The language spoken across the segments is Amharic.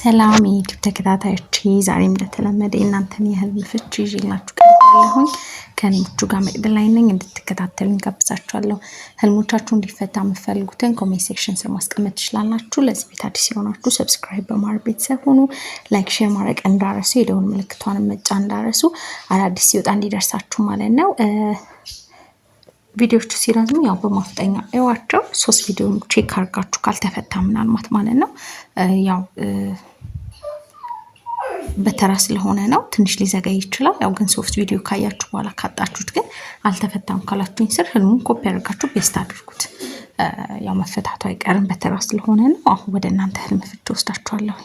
ሰላም የዩቱብ ተከታታዮች፣ ዛሬ እንደተለመደ እናንተን የህልም ፍቺ ይዤላችሁ ቀርባለሁኝ። ከህልሞቹ ጋር መቅደል ላይ ነኝ። እንድትከታተሉ እንጋብዛችኋለሁ። ህልሞቻችሁ እንዲፈታ የምትፈልጉትን ኮሜንት ሴክሽን ስር ማስቀመጥ ትችላላችሁ። ለዚህ ቤት አዲስ የሆናችሁ ሰብስክራይብ በማድረግ ቤተሰብ ሆኑ። ላይክ፣ ሼር ማድረግ እንዳረሱ፣ የደወል ምልክቷን መጫ እንዳረሱ፣ አዳዲስ ሲወጣ እንዲደርሳችሁ ማለት ነው። ቪዲዮዎቹ ሲረዝሙ ያው በማፍጠኛ እዋቸው ሶስት ቪዲዮ ቼክ አድርጋችሁ ካልተፈታ ምናልባት ማለት ነው ያው በተራ ስለሆነ ነው ትንሽ ሊዘገይ ይችላል። ያው ግን ሶፍት ቪዲዮ ካያችሁ በኋላ ካጣችሁት ግን አልተፈታም ካላችሁኝ ስር ህልሙን ኮፒ አድርጋችሁ ቤስት አድርጉት። ያው መፈታቱ አይቀርም በተራ ስለሆነ ነው። አሁን ወደ እናንተ ህልም ፍች ወስዳችኋለሁኝ።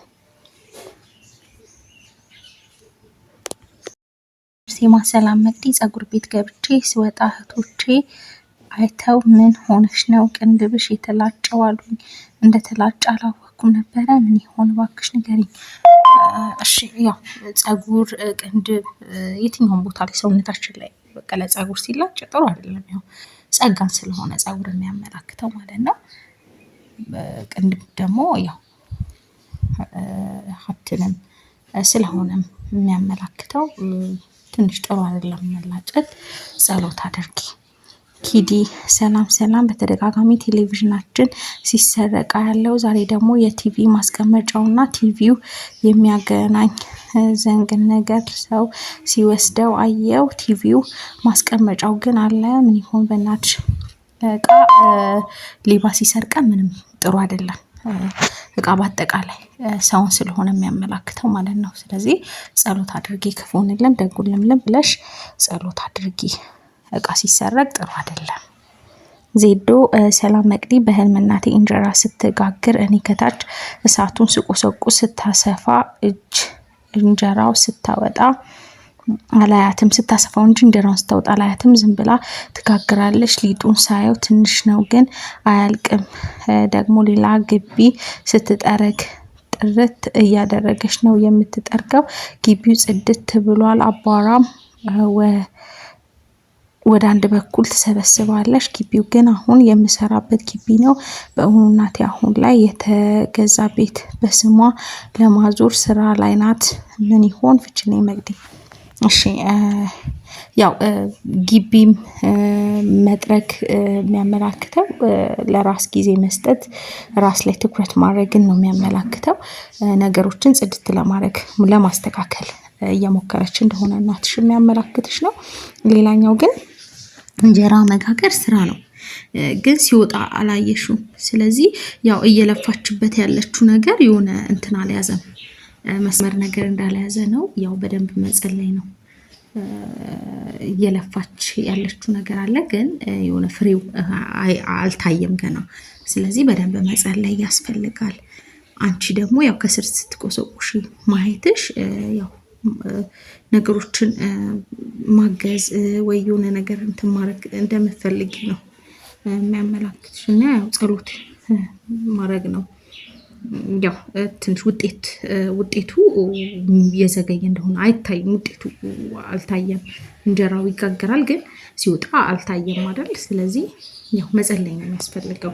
የማሰላም መቅዲ ጸጉር ቤት ገብቼ ስወጣ እህቶቼ አይተው ምን ሆነሽ ነው ቅንድብሽ የተላጨው አሉኝ። እንደተላጨ አላወኩም ነበረ። ምን ይሆን እባክሽ ንገሪኝ። ጸጉር፣ ቅንድብ የትኛውም ቦታ ላይ ሰውነታችን ላይ በቀለ ጸጉር ሲላጭ ጥሩ አይደለም። ያው ጸጋን ስለሆነ ጸጉር የሚያመላክተው ማለት ነው። ቅንድብ ደግሞ ያው ሀብትንም ስለሆነም የሚያመላክተው ትንሽ ጥሩ አይደለም መላጨት። ጸሎት አድርጊ። ኪዲ ሰላም ሰላም። በተደጋጋሚ ቴሌቪዥናችን ሲሰረቃ ያለው ዛሬ ደግሞ የቲቪ ማስቀመጫውና ቲቪው የሚያገናኝ ዘንግ ነገር ሰው ሲወስደው አየው። ቲቪው ማስቀመጫው ግን አለ። ምን ይሆን በናች እቃ ሌባ ሲሰርቀ ምንም ጥሩ አይደለም። እቃ በአጠቃላይ ሰውን ስለሆነ የሚያመላክተው ማለት ነው። ስለዚህ ጸሎት አድርጊ ክፉን ልም ደጉን ልምልም ብለሽ ጸሎት አድርጊ። እቃ ሲሰረቅ ጥሩ አይደለም። ዜዶ ሰላም መቅዲ በህልም እናቴ እንጀራ ስትጋግር እኔ ከታች እሳቱን ስቆሰቁ ስታሰፋ እጅ እንጀራው ስታወጣ አላያትም ስታሰፋው እንጂ እንጀራውን ስታወጣ አላያትም። ዝም ብላ ትጋግራለች። ሊጡን ሳየው ትንሽ ነው ግን አያልቅም። ደግሞ ሌላ ግቢ ስትጠረግ ጥርት እያደረገች ነው የምትጠርገው። ግቢው ጽድት ብሏል። አቧራም ወደ አንድ በኩል ትሰበስባለች። ግቢው ግን አሁን የምሰራበት ግቢ ነው። በእውኑ አሁን ላይ የተገዛ ቤት በስሟ ለማዞር ስራ ላይ ናት። ምን ይሆን ፍችኔ መግዲ እሺ ያው ግቢም መጥረግ የሚያመላክተው ለራስ ጊዜ መስጠት ራስ ላይ ትኩረት ማድረግን ነው የሚያመላክተው። ነገሮችን ጽድት ለማድረግ ለማስተካከል እየሞከረች እንደሆነ እናትሽ የሚያመላክትሽ ነው። ሌላኛው ግን እንጀራ መጋገር ስራ ነው። ግን ሲወጣ አላየሽውም ስለዚህ ያው እየለፋችበት ያለችው ነገር የሆነ እንትን አልያዘም መስመር ነገር እንዳልያዘ ነው። ያው በደንብ መጸለይ ነው እየለፋች ያለችው ነገር አለ፣ ግን የሆነ ፍሬው አልታየም ገና። ስለዚህ በደንብ መጸለይ ያስፈልጋል። አንቺ ደግሞ ያው ከስር ስትቆሰቁሽ ማየትሽ ያው ነገሮችን ማገዝ ወይ የሆነ ነገር እንትን ማድረግ እንደምትፈልጊ ነው የሚያመላክትሽ እና ያው ጸሎት ማድረግ ነው ያው ትንሽ ውጤት ውጤቱ የዘገየ እንደሆነ አይታይም። ውጤቱ አልታየም። እንጀራው ይጋገራል ግን ሲወጣ አልታየም አይደል? ስለዚህ ያው መጸለይ ነው የሚያስፈልገው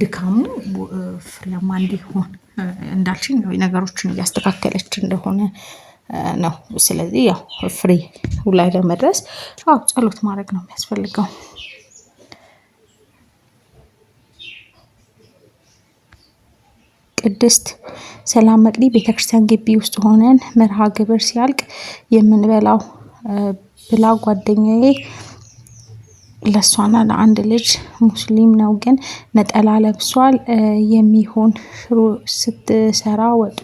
ድካሙ ፍሬያማ እንዲሆን እንዳልሽኝ ነገሮችን እያስተካከለች እንደሆነ ነው። ስለዚህ ያው ፍሬ ላይ ለመድረስ ጸሎት ማድረግ ነው የሚያስፈልገው። ቅድስት ሰላም መቅዲ ቤተክርስቲያን ግቢ ውስጥ ሆነን መርሃ ግብር ሲያልቅ የምንበላው ብላ ጓደኛዬ ለእሷና ለአንድ ልጅ ሙስሊም ነው ግን ነጠላ ለብሷል የሚሆን ሽሮ ስትሰራ ወጡ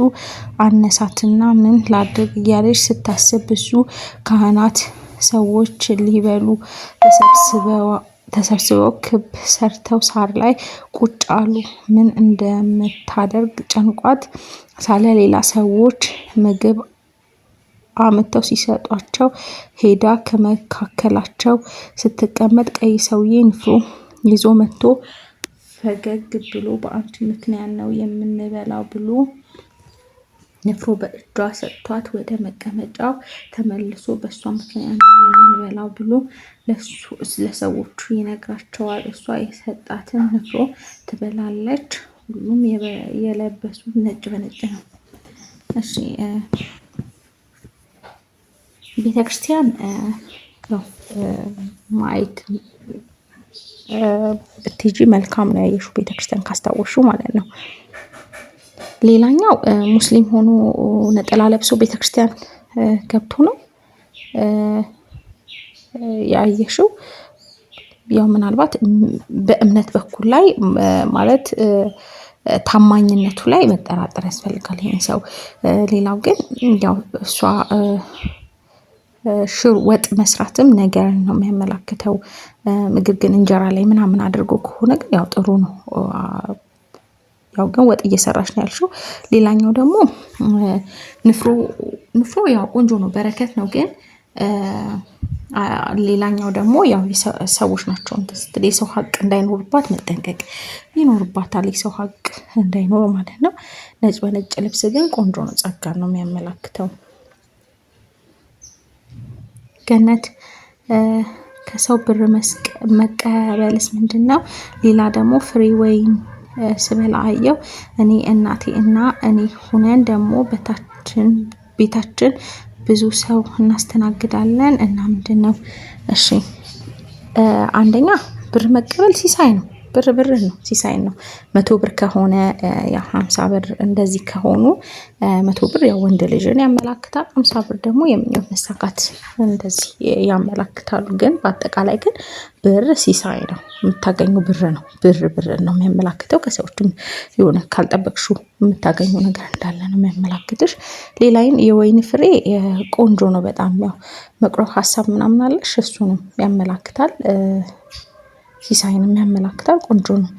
አነሳትና ምን ላድርግ እያለች ስታስብ ብዙ ካህናት ሰዎች ሊበሉ ተሰብስበዋል። ተሰብስበው ክብ ሰርተው ሳር ላይ ቁጭ አሉ። ምን እንደምታደርግ ጨንቋት ሳለ ሌላ ሰዎች ምግብ አምጥተው ሲሰጧቸው ሄዳ ከመካከላቸው ስትቀመጥ ቀይ ሰውዬ ንፍሮ ይዞ መጥቶ ፈገግ ብሎ በአንቺ ምክንያት ነው የምንበላው ብሎ ንፍሮ በእጇ ሰጥቷት ወደ መቀመጫው ተመልሶ በእሷ ምክንያት የምንበላው ብሎ ለሰዎቹ ይነግራቸዋል። እሷ የሰጣትን ንፍሮ ትበላለች። ሁሉም የለበሱት ነጭ በነጭ ነው። እሺ ቤተክርስቲያን ማየት ብትሄጂ መልካም ነው ያየሽው ቤተክርስቲያን ካስታወሽው ማለት ነው። ሌላኛው ሙስሊም ሆኖ ነጠላ ለብሶ ቤተክርስቲያን ገብቶ ነው። ያየሽው ያው ምናልባት በእምነት በኩል ላይ ማለት ታማኝነቱ ላይ መጠራጠር ያስፈልጋል። ይህን ሰው ሌላው ግን ያው እሷ ሽር ወጥ መስራትም ነገርን ነው የሚያመላክተው። ምግብ ግን እንጀራ ላይ ምናምን አድርጎ ከሆነ ግን ያው ጥሩ ነው። ያው ግን ወጥ እየሰራሽ ነው ያልሽው። ሌላኛው ደግሞ ንፍሮ ንፍሮ ያው ቆንጆ ነው፣ በረከት ነው። ግን ሌላኛው ደግሞ ያው ሰዎች ናቸው ስትል የሰው ሀቅ እንዳይኖርባት መጠንቀቅ ይኖርባታል። የሰው ሀቅ እንዳይኖር ማለት ነው። ነጭ በነጭ ልብስ ግን ቆንጆ ነው፣ ጸጋ ነው የሚያመላክተው። ገነት ከሰው ብር መቀበልስ ምንድን ነው? ሌላ ደግሞ ፍሬ ወይም ስበላ አየው። እኔ እናቴ እና እኔ ሁነን ደግሞ በታችን ቤታችን ብዙ ሰው እናስተናግዳለን እና ምንድነው? እሺ አንደኛ ብር መቀበል ሲሳይ ነው ብር ብር ነው፣ ሲሳይን ነው። መቶ ብር ከሆነ ሀምሳ ብር እንደዚህ ከሆኑ መቶ ብር ያው ወንድ ልጅን ያመላክታል። ሀምሳ ብር ደግሞ የምኞት መሳካት እንደዚህ ያመላክታሉ። ግን በአጠቃላይ ግን ብር ሲሳይ ነው፣ የምታገኙ ብር ነው። ብር ብር ነው የሚያመላክተው። ከሰዎችም የሆነ ካልጠበቅሹ የምታገኙ ነገር እንዳለ ነው የሚያመላክትሽ። ሌላይን የወይን ፍሬ ቆንጆ ነው በጣም ያው መቁረብ ሀሳብ ምናምን አለሽ፣ እሱንም ያመላክታል። ኪሳይንም ያመላክታል። ቆንጆ ነው።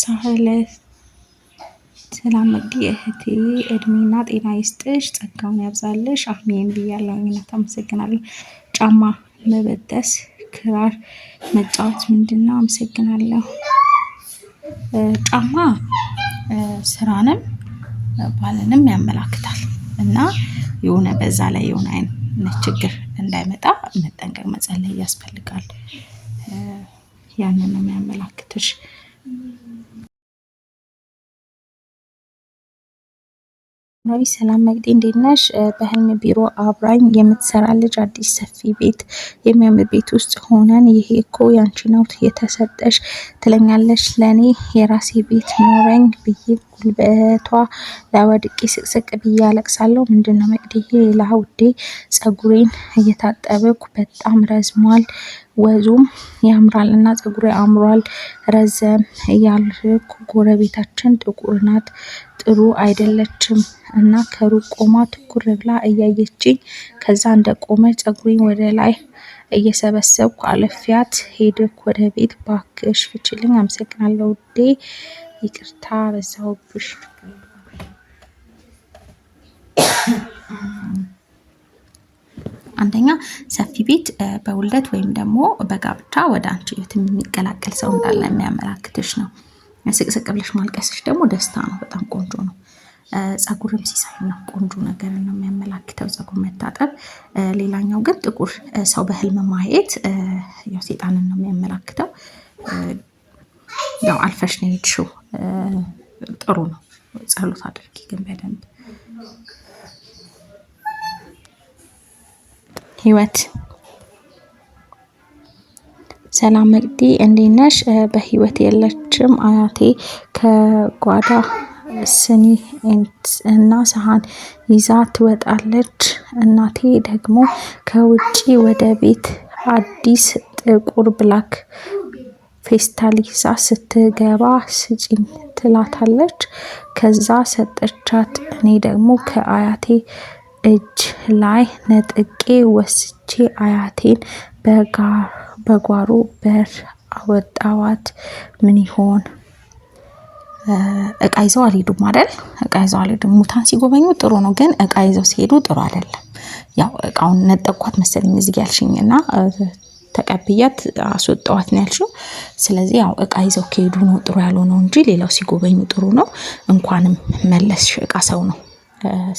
ሳህለ ስላመዲ መቅዲ እህቴ እድሜና ጤና ይስጥሽ፣ ጸጋውን ያብዛልሽ። አሜን ብያለሁ። አሜናት አመሰግናለሁ። ጫማ መበጠስ፣ ክራር መጫወት ምንድን ነው? አመሰግናለሁ። ጫማ ስራንም ባህልንም ያመላክታል እና የሆነ በዛ ላይ የሆነ አይነት ችግር እንዳይመጣ መጠንቀቅ መጸለይ ያስፈልጋል። ያንን ነው የሚያመላክትሽ። ሰላም መግዴ እንዴት ነሽ? በህልም ቢሮ አብራኝ የምትሰራ ልጅ አዲስ ሰፊ ቤት የሚያምር ቤት ውስጥ ሆነን ይሄ እኮ ያንቺ ነው የተሰጠሽ ትለኛለች። ለእኔ የራሴ ቤት ኖረኝ ብዬ ጉልበቷ ላይ ስቅስቅ ብዬ አለቅሳለሁ። ምንድን ነው ሌላ ውዴ፣ ፀጉሬን እየታጠብኩ በጣም ረዝሟል፣ ወዙም ያምራል እና ፀጉሬ አምሯል፣ ረዘም እያልኩ ጎረቤታችን ጥቁር ናት ጥሩ አይደለችም እና ከሩቅ ቆማ ትኩር ብላ እያየችኝ ከዛ እንደቆመ ፀጉሬን ወደ ላይ እየሰበሰብኩ አለፊያት ሄድኩ ወደ ቤት። ባክሽ ፍችልኝ፣ አመሰግናለሁ ውዴ። ይቅርታ በዛሁብሽ። አንደኛ ሰፊ ቤት በውልደት ወይም ደግሞ በጋብቻ ወደ አንቺ ቤት የሚቀላቀል ሰው እንዳለ የሚያመላክትሽ ነው። ስቅስቅ ብለሽ ማልቀስሽ ደግሞ ደስታ ነው። በጣም ቆንጆ ነው። ፀጉርም ሲሳይ ነው ቆንጆ ነገር ነው የሚያመላክተው ፀጉር መታጠብ። ሌላኛው ግን ጥቁር ሰው በህልም ማየት ያው ሴጣንን ነው የሚያመላክተው። ያው አልፈሽ ነው የሄድሽው ጥሩ ነው። ጸሎት አድርጊ ግን በደንብ ህይወት ሰላም መቅዲ እንዴት ነሽ? በህይወት የለችም አያቴ ከጓዳ ስኒ እና ሰሃን ይዛ ትወጣለች። እናቴ ደግሞ ከውጪ ወደ ቤት አዲስ ጥቁር ብላክ ፌስታል ይዛ ስትገባ ስጪኝ ትላታለች። ከዛ ሰጠቻት። እኔ ደግሞ ከአያቴ እጅ ላይ ነጥቄ ወስቼ አያቴን በጓሮ በር አወጣዋት። ምን ይሆን እቃ ይዘው አልሄዱም አይደል? እቃ ይዘው አልሄዱም። ሙታን ሲጎበኙ ጥሩ ነው፣ ግን እቃ ይዘው ሲሄዱ ጥሩ አይደለም። ያው እቃውን ነጠቅኳት መሰለኝ እዚህ ያልሽኝ እና ተቀብያት አስወጣዋት ነው ያልሽው። ስለዚህ ያው እቃ ይዘው ከሄዱ ነው ጥሩ ያልሆነው እንጂ ሌላው ሲጎበኙ ጥሩ ነው። እንኳንም መለስሽ፣ እቃ ሰው ነው።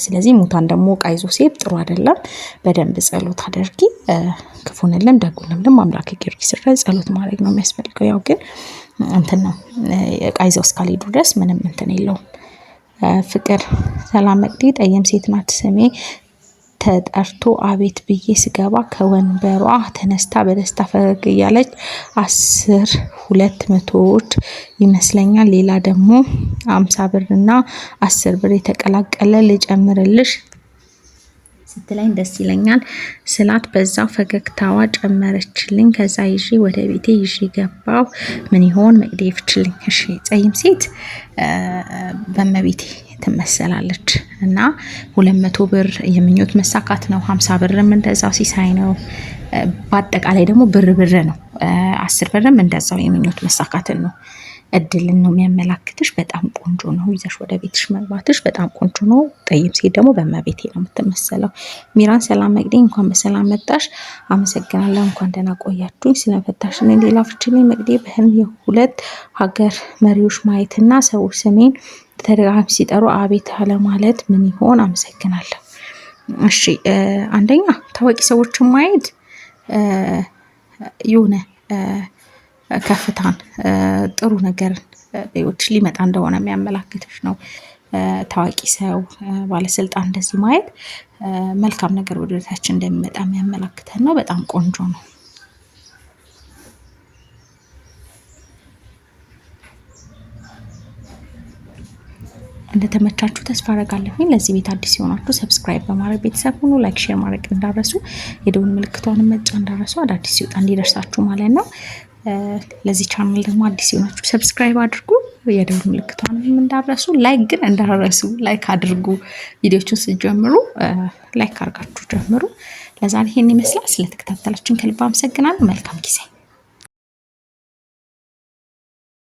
ስለዚህ ሙታን ደግሞ እቃ ይዞ ሲሄድ ጥሩ አይደለም። በደንብ ጸሎት አድርጊ። ክፉንልም ደጉንልም አምላክ ጊዮርጊስ ጸሎት ማድረግ ነው የሚያስፈልገው ያው ግን እንትን ነው እቃ ይዘው እስካልሄዱ ድረስ ምንም እንትን የለውም። ፍቅር ሰላም መቅዲ ጠየም ሴት ናት ስሜ ተጠርቶ አቤት ብዬ ስገባ ከወንበሯ ተነስታ በደስታ ፈገግ እያለች አስር ሁለት መቶዎች ይመስለኛል ሌላ ደግሞ አምሳ ብር እና አስር ብር የተቀላቀለ ልጨምርልሽ ስትለኝ ደስ ይለኛል ስላት በዛው ፈገግታዋ ጨመረችልኝ። ከዛ ይዤ ወደ ቤቴ ይዤ ገባው። ምን ይሆን መቅደፍችልኝ? እሺ ጸይም ሴት በመቤቴ ትመሰላለች እና ሁለት መቶ ብር የምኞት መሳካት ነው። ሀምሳ ብርም እንደዛው ሲሳይ ነው። በአጠቃላይ ደግሞ ብር ብር ነው። አስር ብርም እንደዛው የምኞት መሳካትን ነው እድልን ነው የሚያመላክትሽ። በጣም ቆንጆ ነው። ይዘሽ ወደ ቤትሽ መግባትሽ በጣም ቆንጆ ነው። ጠይም ሴት ደግሞ በእመቤቴ ነው የምትመሰለው። ሚራን ሰላም መቅዴ፣ እንኳን በሰላም መጣሽ። አመሰግናለሁ። እንኳን ደህና ቆያችሁኝ። ስለፈታሽን ሌላ ፍችልኝ መቅዴ። በህልም የሁለት ሀገር መሪዎች ማየትና ሰዎች ስሜን ተደጋጋሚ ሲጠሩ አቤት ማለት ምን ይሆን? አመሰግናለሁ። እሺ አንደኛ ታዋቂ ሰዎችን ማየት የሆነ ከፍታን፣ ጥሩ ነገር ሌሎች ሊመጣ እንደሆነ የሚያመላክትሽ ነው። ታዋቂ ሰው፣ ባለስልጣን እንደዚህ ማየት መልካም ነገር ወደ ቤታችን እንደሚመጣ የሚያመላክተን ነው። በጣም ቆንጆ ነው። እንደተመቻችሁ ተስፋ አረጋለሁኝ። ለዚህ ቤት አዲስ የሆናችሁ ሰብስክራይብ በማድረግ ቤተሰብ ሁኑ። ላይክ፣ ሼር ማድረግ እንዳረሱ፣ የደውን ምልክቷን መጫ እንዳረሱ፣ አዳዲስ ሲወጣ እንዲደርሳችሁ ማለት ነው። ለዚህ ቻናል ደግሞ አዲስ የሆናችሁ ሰብስክራይብ አድርጉ፣ የደወል ምልክቷን እንዳረሱ። ላይክ ግን እንዳረሱ፣ ላይክ አድርጉ። ቪዲዮችን ስትጀምሩ ላይክ አድርጋችሁ ጀምሩ። ለዛሬ ይሄን ይመስላል። ስለተከታተላችሁን ከልብ አመሰግናለሁ። መልካም ጊዜ